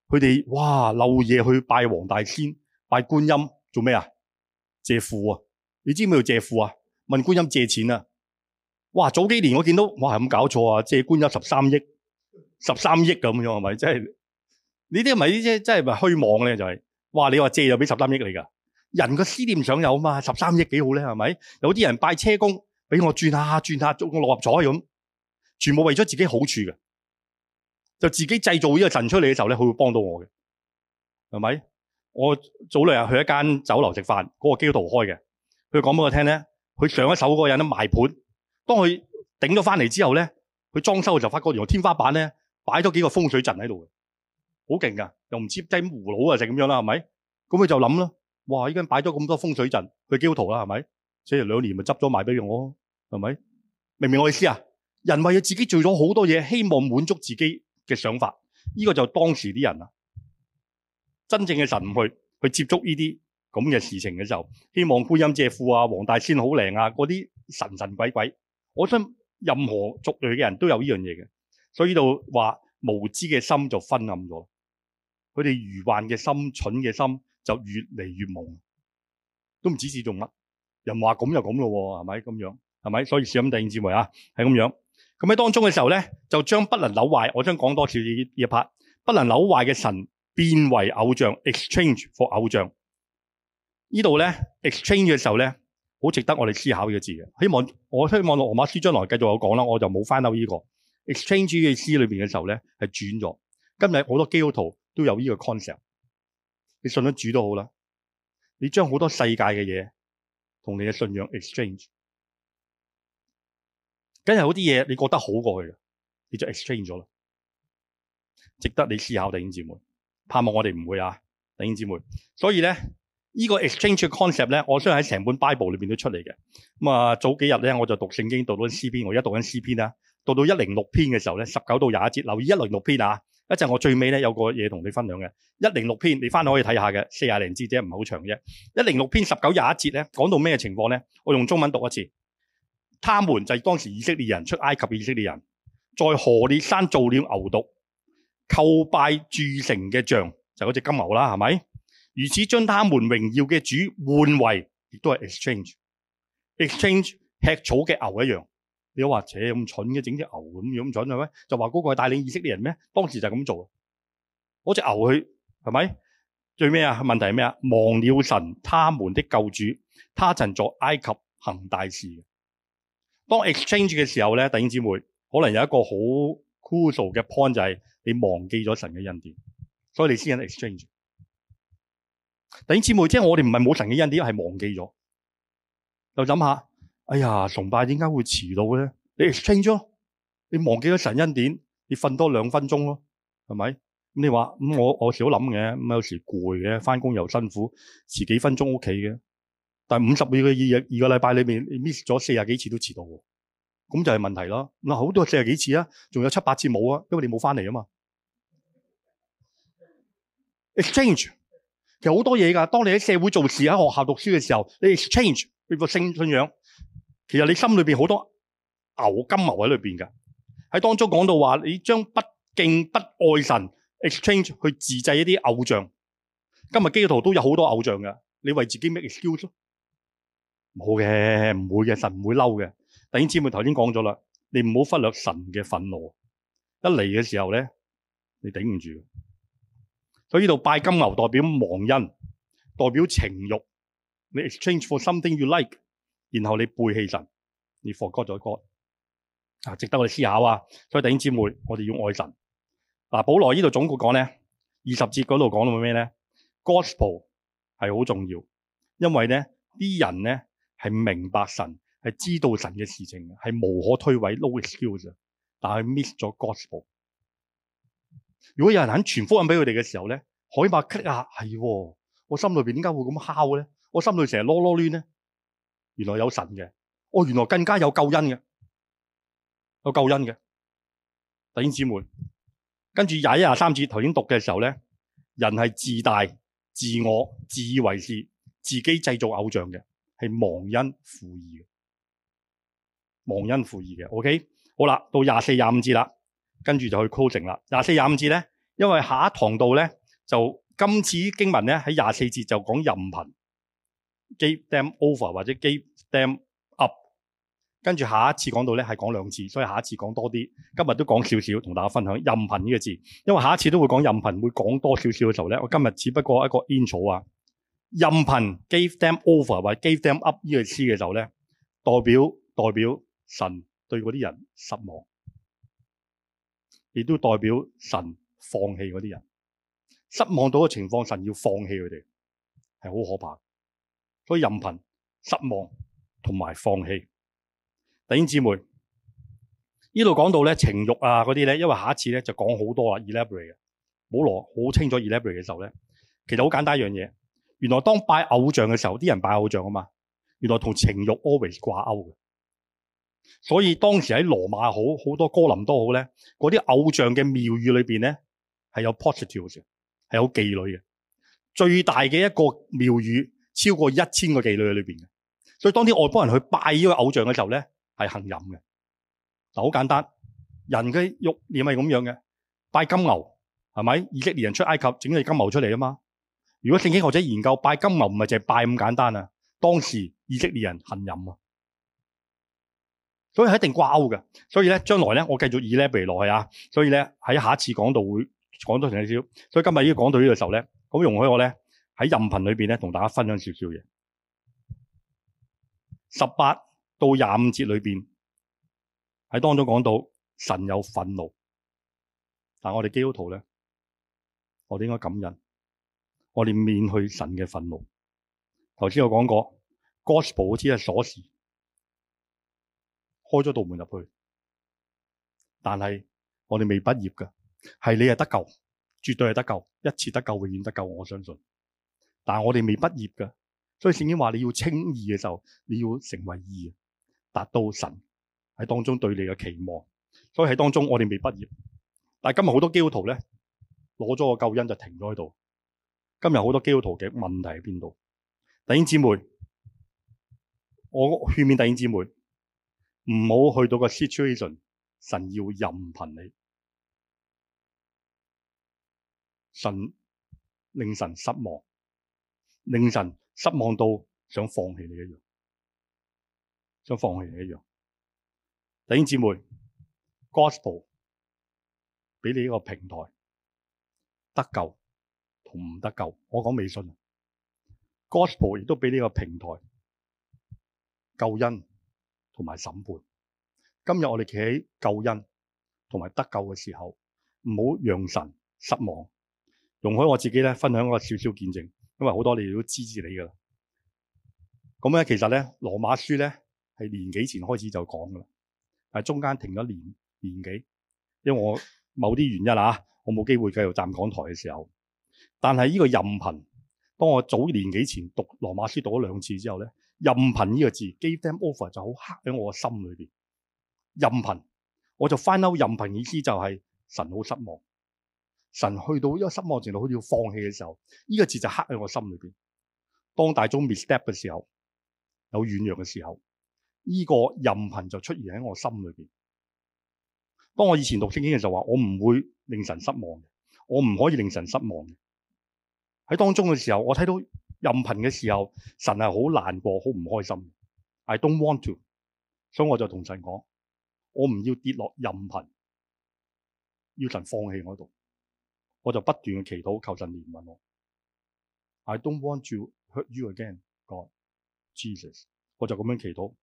佢哋哇，漏夜去拜黃大仙、拜觀音做咩啊？借庫啊？你知唔知叫借庫啊？問觀音借錢啊？哇！早幾年我見到我係咁搞錯啊，借觀音十三億。十三億咁樣係咪？即係呢啲咪即係真係咪虛妄咧？就係、是、哇！你話借就俾十三億嚟噶，人個思念想有嘛？十三億幾好咧？係咪？有啲人拜車公俾我轉下轉下，六合彩咁，全部為咗自己好處嘅，就自己製造呢個神出嚟嘅時候咧，佢會幫到我嘅，係咪？我早兩日去一間酒樓食飯，嗰、那個基督徒開嘅，佢講俾我聽咧，佢上一手嗰個人賣盤，當佢頂咗翻嚟之後咧，佢裝修就發覺原來天花板咧。擺咗幾個風水陣喺度，好勁噶，又唔接即葫蘆啊，就咁樣啦，係咪？咁佢就諗啦，哇！依家擺咗咁多風水陣去基督徒啦，係咪？所以兩年咪執咗賣俾我，係咪？明唔明我意思啊？人為嘢，自己做咗好多嘢，希望滿足自己嘅想法。呢個就當時啲人啊，真正嘅神去去接觸呢啲咁嘅事情嘅時候，希望觀音借庫啊、黃大仙好靈啊，嗰啲神神鬼鬼。我想任何族類嘅人都有呢樣嘢嘅。所以呢度話無知嘅心就昏暗咗，佢哋愚幻嘅心、蠢嘅心就越嚟越蒙，都唔知自做乜。人話咁就咁咯，係咪咁樣？係咪？所以是咁定義智慧啊，係咁樣。咁喺當中嘅時候咧，就將不能朽壞，我想講多少少嘅一拍，不能朽壞嘅神變為偶像，exchange for 偶像。呢度咧 exchange 嘅時候咧，好值得我哋思考嘅字。希望我希望羅馬書將來繼續有講啦，我就冇翻到呢個。exchange 嘅個詩裏邊嘅時候咧，係轉咗。今日好多基督徒都有呢個 concept。你信咗主都好啦，你將好多世界嘅嘢同你嘅信仰 exchange，梗係有啲嘢你覺得好過去嘅，你就 exchange 咗啦。值得你思考，弟兄姊妹。盼望我哋唔會啊，弟兄姊妹。所以咧，呢個 exchange 嘅 concept 咧，我相信喺成本 Bible 裏邊都出嚟嘅。咁啊，早幾日咧我就讀聖經，讀到詩篇，我而家讀緊詩篇啦。到到一零六篇嘅時候咧，十九到廿一節，留意一零六篇啊！一陣我最尾咧有個嘢同你分享嘅，一零六篇你翻去可以睇下嘅，四廿零字啫，唔係好長啫。一零六篇十九廿一節咧，講到咩情況咧？我用中文讀一次，他們就係當時以色列人出埃及嘅以色列人，在何烈山做了牛犢，叩拜鑄成嘅像，就嗰、是、隻金牛啦，係咪？如此將他們榮耀嘅主換為，亦都係 exchange，exchange ex 吃草嘅牛一樣。你又話扯咁蠢嘅，整隻牛咁樣蠢係咩？就話嗰個係帶領以色列人咩？當時就係咁做。嗰隻牛佢係咪最尾啊？問題係咩啊？忘了神他們的救主，他曾作埃及行大事。當 exchange 嘅時候咧，弟兄姊妹可能有一個好 crucial 嘅 point 就係你忘記咗神嘅恩典，所以你先肯 exchange。弟兄姊妹，即係我哋唔係冇神嘅恩典，係忘記咗。就諗下。哎呀，崇拜點解會遲到咧？你 exchange 咯，哦，你忘記咗神恩典，你瞓多兩分鐘咯，哦，係咪？咁你話咁，嗯、我我少諗嘅，咁，嗯、有時攰嘅，翻工又辛苦，遲幾分鐘屋企嘅。但係五十個二日二個禮拜裏面，你 miss 咗四十幾次都遲到，咁就係問題啦。嗱，好多四十幾次啊，仲有七八次冇啊，因為你冇翻嚟啊嘛。exchange 其實好多嘢噶，當你喺社會做事，喺學校讀書嘅時候，你 exchange 你個性信仰。其實你心裏邊好多牛，金牛喺裏邊嘅，喺當中講到話你將不敬不愛神 exchange 去自製一啲偶像。今日基督徒都有好多偶像嘅，你為自己 make excuse，冇嘅，唔會嘅，神唔會嬲嘅。等於姐妹唔頭先講咗啦？你唔好忽略神嘅憤怒，一嚟嘅時候咧，你頂唔住。所以呢度拜金牛代表忘恩，代表情欲，你 exchange for something you like。然後你背棄神，你 forget 咗 God 啊！值得我哋思考啊！所以弟兄姊妹，我哋要愛神。嗱、啊，保羅呢度總局講咧二十節嗰度講到咩咧？Gospel 係好重要，因為咧啲人咧係明白神，係知道神嘅事情，係無可推諉 no excuse。但係 miss 咗 Gospel，如果有人肯傳福音俾佢哋嘅時候咧，可以話：啊、哎、係，我心裏邊點解會咁敲咧？我心裏成日囉囉攣咧？原來有神嘅，哦，原來更加有救恩嘅，有救恩嘅弟兄姊妹。跟住廿一、廿三節頭先讀嘅時候咧，人係自大、自我、自以為是、自己製造偶像嘅，係忘恩負義嘅，忘恩負義嘅。OK，好啦，到廿四、廿五節啦，跟住就去安靜啦。廿四、廿五節咧，因為下一堂度咧就今次經文咧喺廿四節就講任憑，gave them over 或者 gave。them up，跟住下一次講到咧係講兩次，所以下一次講多啲。今日都講少少同大家分享任憑呢個字，因為下一次都會講任憑，會講多少少嘅時候咧，我今日只不過一個 intro 啊。任憑 gave them over 或者 gave them up 呢個詞嘅時候咧，代表代表神對嗰啲人失望，亦都代表神放棄嗰啲人。失望到嘅情況，神要放棄佢哋，係好可怕。所以任憑失望。同埋放棄，弟兄姊妹，呢度講到咧情欲啊嗰啲咧，因為下一次咧就講好多啦 elaborate 嘅。保羅好清楚 elaborate 嘅時候咧，其實好簡單一樣嘢。原來當拜偶像嘅時候，啲人拜偶像啊嘛，原來同情欲 always 掛鈎嘅。所以當時喺羅馬好好多哥林多好咧，嗰啲偶像嘅廟宇裏邊咧係有 prostitutes，係有妓女嘅。最大嘅一個廟宇超過一千個妓女喺裏邊嘅。所以當天外邦人去拜呢個偶像嘅時候咧，係行淫嘅。嗱，好簡單，人嘅欲念係咁樣嘅。拜金牛係咪？以色列人出埃及整隻金牛出嚟啊嘛。如果聖經學者研究拜金牛唔係淨係拜咁簡單啊，當時以色列人行淫啊，所以係一定掛鈎嘅。所以咧，將來咧我繼續以呢備落去啊。所以咧喺下一次講道會講多成少少。所以今日已經講到呢個時候咧，咁容許我咧喺音頻裏邊咧同大家分享少少嘢。十八到廿五節裏邊，喺當中講到神有憤怒，但我哋基督徒咧，我哋應該感恩，我哋免去神嘅憤怒。頭先我講過，Gospel 只係鎖匙，開咗道門入去，但係我哋未畢業㗎，係你係得救，絕對係得救，一次得救，永遠得救，我相信。但係我哋未畢業㗎。所以聖經話你要稱義嘅時候，你要成為義，達到神喺當中對你嘅期望。所以喺當中我哋未畢業，但係今日好多基督徒呢攞咗個救恩就停咗喺度。今日好多基督徒嘅問題喺邊度？弟兄姊妹，我勸勉弟兄姊妹唔好去到個 situation，神要任憑你，神令神失望，令神，失望到想放棄你一樣，想放棄你一樣。弟兄姊妹，Gospel 俾你一個平台得救同唔得救，我講微信。Gospel 亦都俾你個平台救恩同埋審判。今日我哋企喺救恩同埋得救嘅時候，唔好讓神失望。容許我自己咧分享一個小小見證。因為好多你都支持你噶啦，咁咧其實咧羅馬書咧係年幾前開始就講噶啦，但係中間停咗年年幾，因為我某啲原因啊，我冇機會繼續站講台嘅時候。但係呢個任憑，當我早年幾前讀羅馬書讀咗兩次之後咧，任憑呢個字 give them over 就好刻喺我嘅心裏邊。任憑，我就 f i 任憑意思就係神好失望。神去到一個失望程度，好似要放棄嘅時候，呢、這個字就刻喺我心裏邊。當大眾 mistake 嘅時候，有軟弱嘅時候，呢、這個任憑就出現喺我心裏邊。當我以前讀聖經嘅時候，話，我唔會令神失望嘅，我唔可以令神失望嘅。喺當中嘅時候，我睇到任憑嘅時候，神係好難過、好唔開心嘅。I don't want to，所以我就同神講，我唔要跌落任憑，要神放棄我度。我就不斷嘅祈禱，求神憐憫我。I don't want to hurt you again, God, Jesus。我就咁樣祈禱，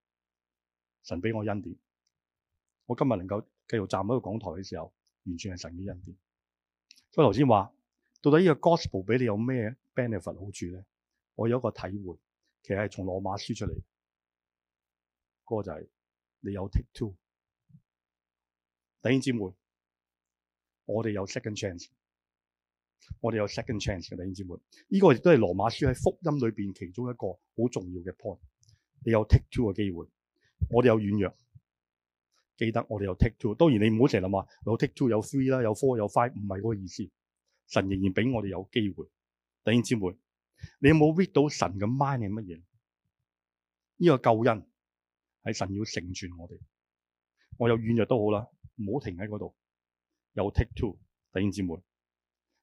神俾我恩典。我今日能夠繼續站喺個講臺嘅時候，完全係神嘅恩典。所以頭先話到底呢個 gospel 俾你有咩 benefit 好處咧？我有一個體會，其實係從羅馬書出嚟。嗰個就係你有 take two，弟兄姊妹，我哋有 second chance。我哋有 second chance 嘅，弟兄姊妹，呢個亦都係羅馬書喺福音裏邊其中一個好重要嘅 point。你有 take two 嘅機會，我哋有軟弱，記得我哋有 take two。當然你唔好成日諗話有 take two 有 three 啦，有 four 有 five，唔係嗰個意思。神仍然俾我哋有機會，弟兄姊妹，你有冇 read 到神嘅 mind 係乜嘢？呢個救恩係神要成全我哋。我有軟弱都好啦，唔好停喺嗰度，有 take two，弟兄姊妹。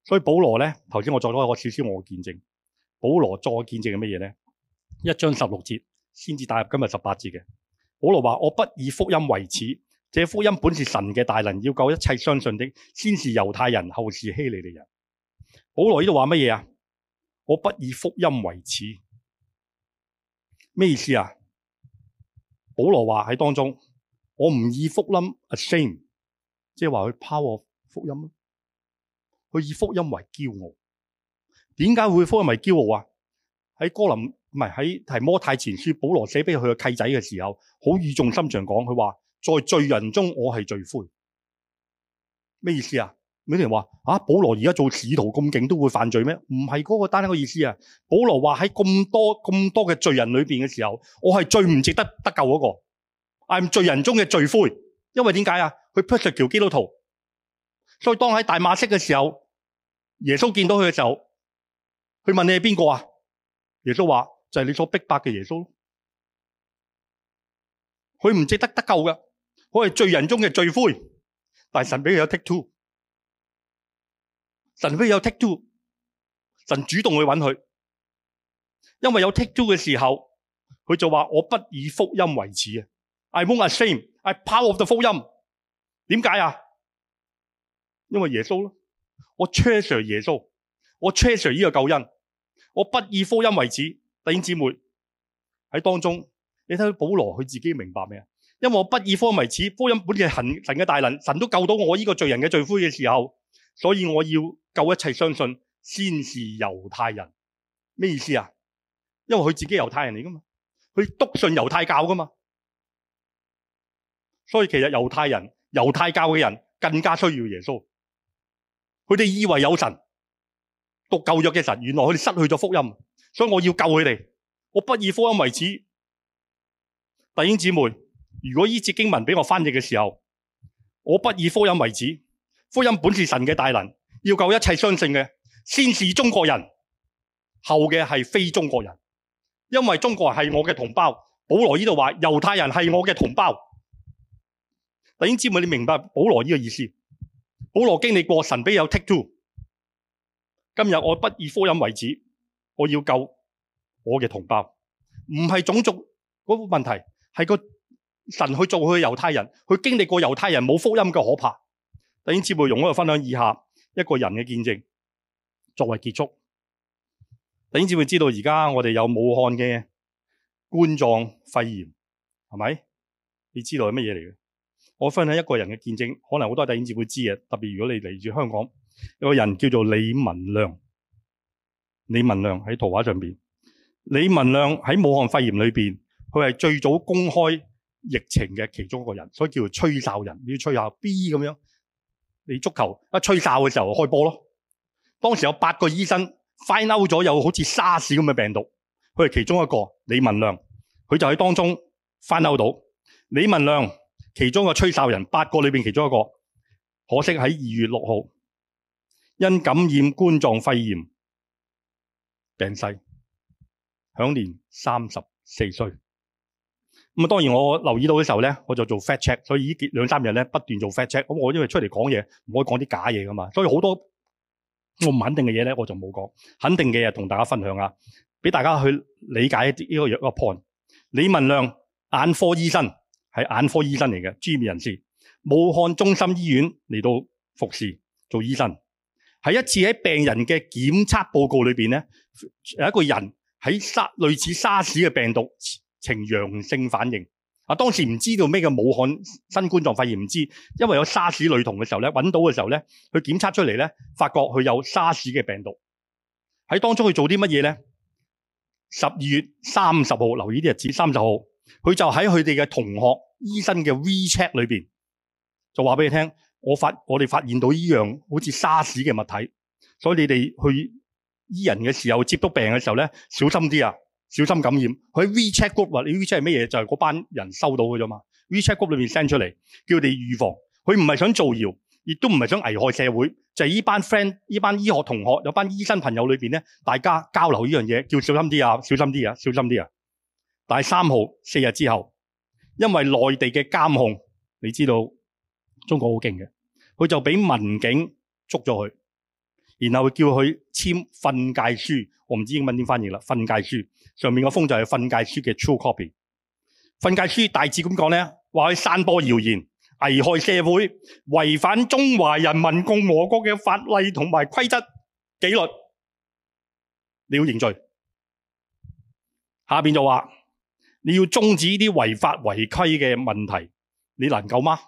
所以保羅咧，頭先我作咗一個少少，我見證保羅再嘅見證係乜嘢咧？一章十六節先至帶入今日十八節嘅保羅話：我不以福音為恥，這福音本是神嘅大能，要救一切相信的，先是猶太人，後是希利利人。保羅呢度話乜嘢啊？我不以福音為恥，咩意思啊？保羅話喺當中，我唔以福音 ashamed 即係話佢拋我福音咯。佢以福音為驕傲，點解會福音為驕傲啊？喺哥林唔係喺提摩太前書保羅寫俾佢個契仔嘅時候，好語重心長講，佢話，在罪人中我係罪魁。」咩意思啊？有啲人話啊，保羅而家做使徒咁勁都會犯罪咩？唔係嗰個單一個意思啊！保羅話喺咁多咁多嘅罪人裏邊嘅時候，我係最唔值得得救嗰、那個，係罪人中嘅罪魁。因為點解啊？佢 press 條基督徒，所以當喺大馬色嘅時候。耶穌見到佢嘅時候，佢問，你係邊個啊？耶穌話：就係、是、你所逼迫嘅耶穌。佢唔值得得救嘅，我係罪人中嘅罪魁，但神俾佢有 take two，神俾佢有 take two，神主動去揾佢，因為有 take two 嘅時候，佢就話：我不以福音為恥嘅，I'm not ashamed，I power the 福音。點解啊？因為耶穌咯。我 treasure 耶穌，我 treasure 呢個救恩，我不以福音為恥。弟兄姊妹喺當中，你睇到保羅佢自己明白未？啊？因為我不以福音為恥，福音本就係神嘅大能，神都救到我呢個罪人嘅罪魁嘅時候，所以我要救一切相信，先是猶太人咩意思啊？因為佢自己猶太人嚟噶嘛，佢篤信猶太教噶嘛，所以其實猶太人、猶太教嘅人更加需要耶穌。佢哋以為有神讀舊約嘅神，原來佢哋失去咗福音，所以我要救佢哋。我不以福音為恥。弟兄姊妹，如果呢節經文俾我翻譯嘅時候，我不以福音為恥。福音本是神嘅大能，要救一切相信嘅。先是中國人，後嘅係非中國人，因為中國人係我嘅同胞。保羅呢度話猶太人係我嘅同胞。弟兄姊妹，你明白保羅呢個意思？保羅經歷過神俾有 take two。今日我不以福音為止，我要救我嘅同胞，唔係種族嗰個問題，係個神去做佢嘅猶太人，佢經歷過猶太人冇福音嘅可怕。弟兄姊妹，用我分享以下一個人嘅見證作為結束。弟兄姊妹知道而家我哋有武漢嘅冠狀肺炎，係咪？你知道係乜嘢嚟嘅？我分享一個人嘅見證，可能好多弟兄姊妹知嘅，特別如果你嚟自香港，有個人叫做李文亮，李文亮喺圖畫上邊，李文亮喺武漢肺炎裏邊，佢係最早公開疫情嘅其中一個人，所以叫做吹哨人，你要吹下 B 咁樣，你足球一吹哨嘅時候就開波咯。當時有八個醫生 find out 咗，有好似沙士 r 咁嘅病毒，佢係其中一個，李文亮，佢就喺當中 find out 到，李文亮。其中個吹哨人八個裏邊其中一個，可惜喺二月六號因感染冠狀肺炎病逝，享年三十四歲。咁啊，當然我留意到嘅時候咧，我就做 fact check，所以依兩三日咧不斷做 fact check。咁我因為出嚟講嘢唔可以講啲假嘢噶嘛，所以好多我唔肯定嘅嘢咧我就冇講，肯定嘅嘢同大家分享下，俾大家去理解一啲呢個一個 point。李文亮眼科醫生。係眼科醫生嚟嘅專業人士，武漢中心醫院嚟到服侍做醫生。係一次喺病人嘅檢測報告裏邊咧，有一個人喺沙類似沙士嘅病毒呈陽性反應。啊，當時唔知道咩叫武漢新冠狀肺炎，唔知因為有沙士類同嘅時候咧，揾到嘅時候咧，佢檢測出嚟咧，發覺佢有沙士嘅病毒。喺當中佢做啲乜嘢咧？十二月三十號，留意啲日子，三十號。佢就喺佢哋嘅同學、醫生嘅 WeChat 裏邊，就話俾你聽，我發我哋發現到呢樣好似沙士嘅物體，所以你哋去醫人嘅時候，接到病嘅時候咧，小心啲啊，小心感染。佢 WeChat group，或者 WeChat 係咩嘢就係、是、嗰班人收到嘅啫嘛。WeChat group 裏邊 send 出嚟，叫你哋預防。佢唔係想造謠，亦都唔係想危害社會，就係、是、呢班 friend、呢班醫學同學、有班醫生朋友裏邊咧，大家交流呢樣嘢，叫小心啲啊，小心啲啊，小心啲啊。但係三號四日之後，因為內地嘅監控，你知道中國好勁嘅，佢就俾民警捉咗佢，然後叫佢簽訓誡書。我唔知英文點翻譯啦，訓誡書上面個封就係訓誡書嘅 true copy。訓誡書大致咁講咧，話佢散播謠言、危害社會、違反中華人民共和國嘅法例同埋規則紀律，你要認罪。下邊就話。你要終止呢啲違法違規嘅問題，你能夠嗎？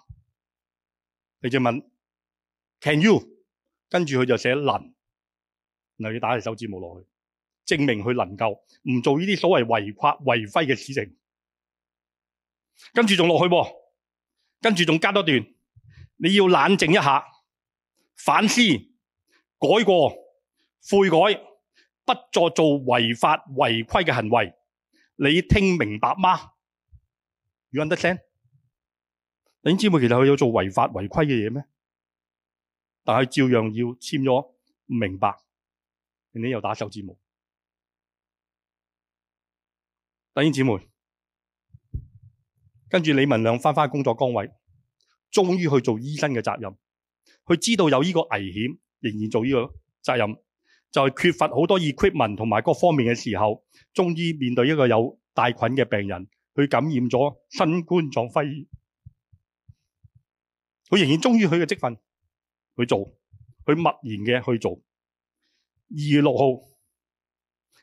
你就問 Can you？跟住佢就寫能，嗱，你打隻手指冇落去，證明佢能夠唔做呢啲所謂違法違規嘅事情。跟住仲落去，跟住仲加多段，你要冷靜一下，反思、改過、悔改，不再做違法違規嘅行為。你聽明白嗎？聽得清？弟兄姊妹，其實佢有做違法違規嘅嘢咩？但係照樣要簽咗明白，人哋又打手指模。弟兄姊妹，跟住李文亮翻返工作崗位，終於去做醫生嘅責任，佢知道有呢個危險，仍然做呢個責任。就係缺乏好多 equipment 同埋各方面嘅時候，中醫面對一個有帶菌嘅病人，佢感染咗新冠狀肺炎。佢仍然忠於佢嘅職分去做，佢默然嘅去做。二月六號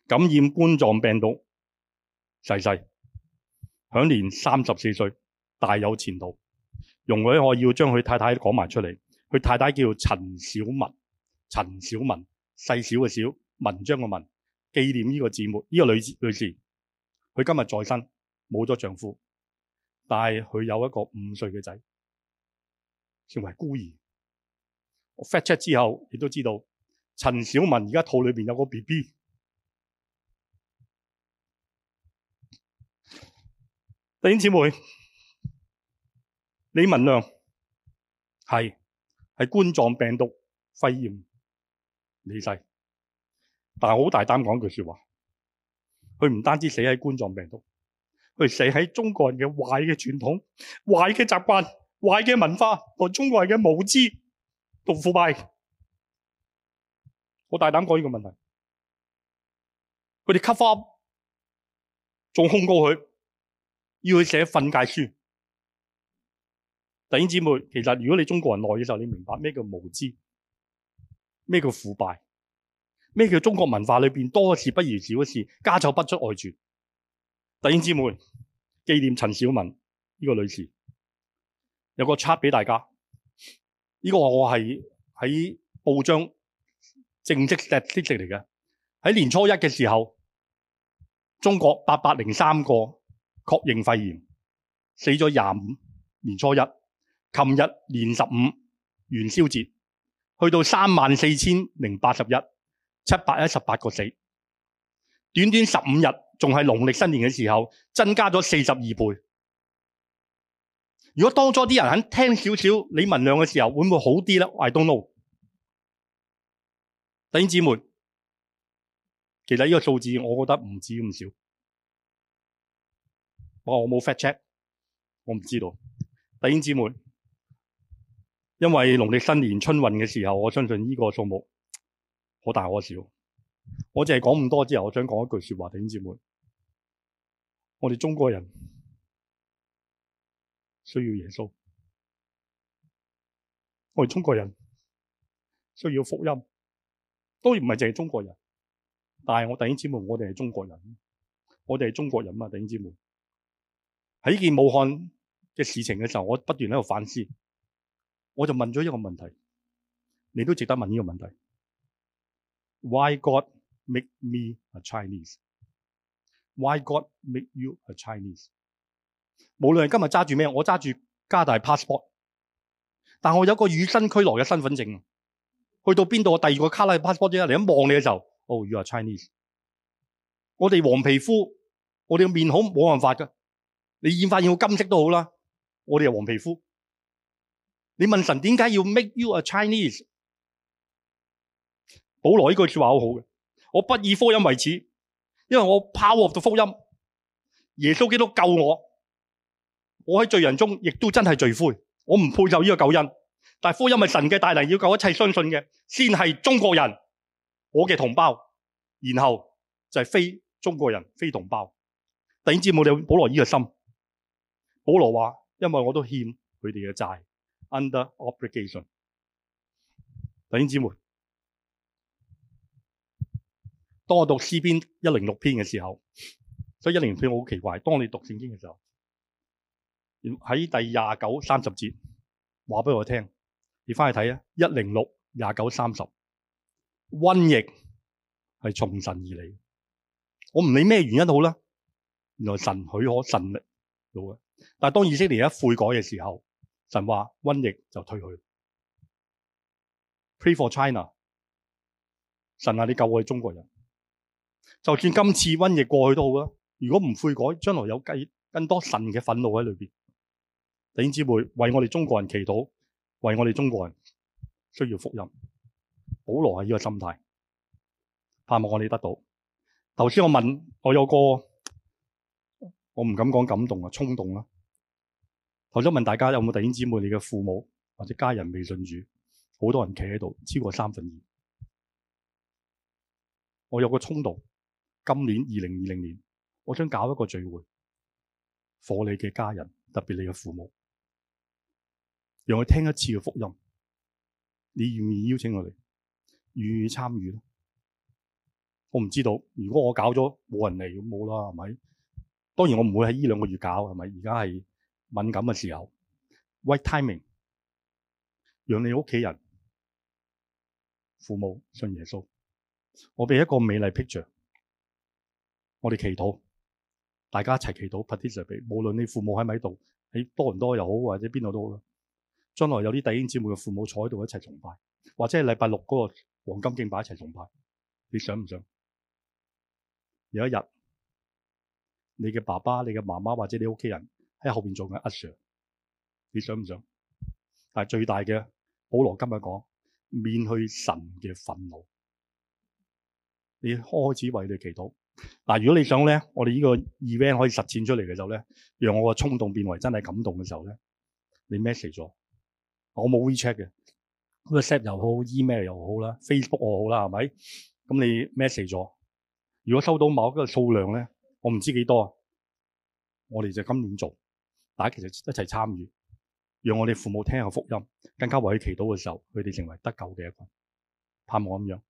感染冠狀病毒，逝世，享年三十四歲，大有前途。容許我要將佢太太講埋出嚟，佢太太叫陳小文，陳小文。細小嘅小，文章嘅文，紀念呢個姊妹。呢、這個女女士，佢今日在生，冇咗丈夫，但係佢有一個五歲嘅仔，成為孤兒。我 check 之後，亦都知道陳小文而家肚裏邊有個 B B。弟兄姊妹，李文亮係係冠狀病毒肺炎。你細，但係我好大膽講句說話，佢唔單止死喺冠狀病毒，佢死喺中國人嘅壞嘅傳統、壞嘅習慣、壞嘅文化同中國人嘅無知同腐敗。我好大膽講呢個問題，佢哋 cover up，仲控告佢，要佢寫訓誡書。弟兄姊、姊妹，其實如果你中國人耐嘅時候，你明白咩叫無知。咩叫腐敗？咩叫中國文化裏邊多一事不如少一事，家醜不出外傳？弟兄姊妹，紀念陳小文呢個女士，有個 chart 俾大家。呢個我係喺報章正式 statistics 嚟嘅。喺年初一嘅時候，中國八百零三個確認肺炎，死咗廿五。年初一，琴日年十五元宵節。去到三萬四千零八十一，七百一十八個死，短短十五日，仲係農曆新年嘅時候，增加咗四十二倍。如果當初啲人肯聽少少李文亮嘅時候，會唔會好啲咧？I don't know。弟兄姊妹，其實呢個數字我覺得唔止咁少。哦，我冇 fact check，我唔知道。弟兄姊妹。因為農曆新年春運嘅時候，我相信呢個數目可大可小。我淨係講咁多之後，我想講一句說話，弟兄姊妹，我哋中國人需要耶穌，我哋中國人需要福音。當然唔係淨係中國人，但係我弟兄姊妹，我哋係中國人，我哋係中國人啊，弟兄姊妹。喺呢件武漢嘅事情嘅時候，我不斷喺度反思。我就問咗一個問題，你都值得問呢個問題。Why God make me a Chinese？Why God make you a Chinese？無論今日揸住咩，我揸住加拿大 passport，但我有個與生俱來嘅身份證。去到邊度，我第二個卡拉 passport 一嚟一望你嘅時候，哦，you are Chinese。我哋黃皮膚，我哋嘅面孔冇辦法㗎。你染髮染到金色都好啦，我哋係黃皮膚。你問神點解要 make you a Chinese？保羅呢句說話好好嘅，我不以福音為恥，因為我 power of the 福音。耶穌基督救我，我喺罪人中亦都真係罪魁。我唔配受呢個救恩。但係福音係神嘅大能，要救一切相信嘅，先係中國人，我嘅同胞，然後就係非中國人、非同胞。第二知冇你保羅呢個心，保羅話：因為我都欠佢哋嘅債。Under obligation，弟兄姊妹，當我讀詩篇一零六篇嘅時候，所以一零六篇我好奇怪。當你讀聖經嘅時候，喺第廿九三十節話俾我聽，你翻去睇啊，一零六廿九三十瘟疫係從神而嚟，我唔理咩原因好啦。原來神許可神力做嘅，但係當以色列一悔改嘅時候。神話瘟疫就退去，Pray for China。神啊，你救我哋中國人。就算今次瘟疫過去都好啦，如果唔悔改，將來有計更多神嘅憤怒喺裏邊。弟兄姊妹，為我哋中國人祈禱，為我哋中國人需要福音。保羅係呢個心態，盼望我哋得到。頭先我問，我有個，我唔敢講感動啊，衝動啦。我想問大家有冇弟兄姊妹？你嘅父母或者家人未信主，好多人企喺度，超過三分二。我有個衝動，今年二零二零年，我想搞一個聚會，火你嘅家人，特別你嘅父母，讓佢聽一次嘅福音。你願唔願意邀請佢哋？願意參與咧？我唔知道。如果我搞咗冇人嚟，咁冇啦，係咪？當然我唔會喺呢兩個月搞，係咪？而家係。敏感嘅時候，wait timing，讓你屋企人、父母信耶穌。我俾一個美麗 picture，我哋祈禱，大家一齊祈禱。Patricia 俾，無論你父母喺咪度，喺多倫多又好，或者邊度都好啦。將來有啲弟兄姊妹嘅父母坐喺度一齊崇拜，或者係禮拜六嗰個黃金敬拜一齊崇拜，你想唔想？有一日，你嘅爸爸、你嘅媽媽或者你屋企人。喺後邊做嘅 usher，你想唔想？但係最大嘅，保羅今日講免去神嘅憤怒，你開始為佢哋祈禱。嗱，如果你想咧，我哋呢個 event 可以實踐出嚟嘅時候咧，讓我個衝動變為真係感動嘅時候咧，你 message 咗。我冇 WeChat 嘅，WhatsApp 又好，email 又好啦，Facebook 又好啦，係咪？咁你 message 咗。如果收到某一個數量咧，我唔知幾多，啊，我哋就今年做。大家其實一齊參與，讓我哋父母聽下福音，更加為佢祈禱嘅時候，佢哋成為得救嘅一群，盼望咁樣。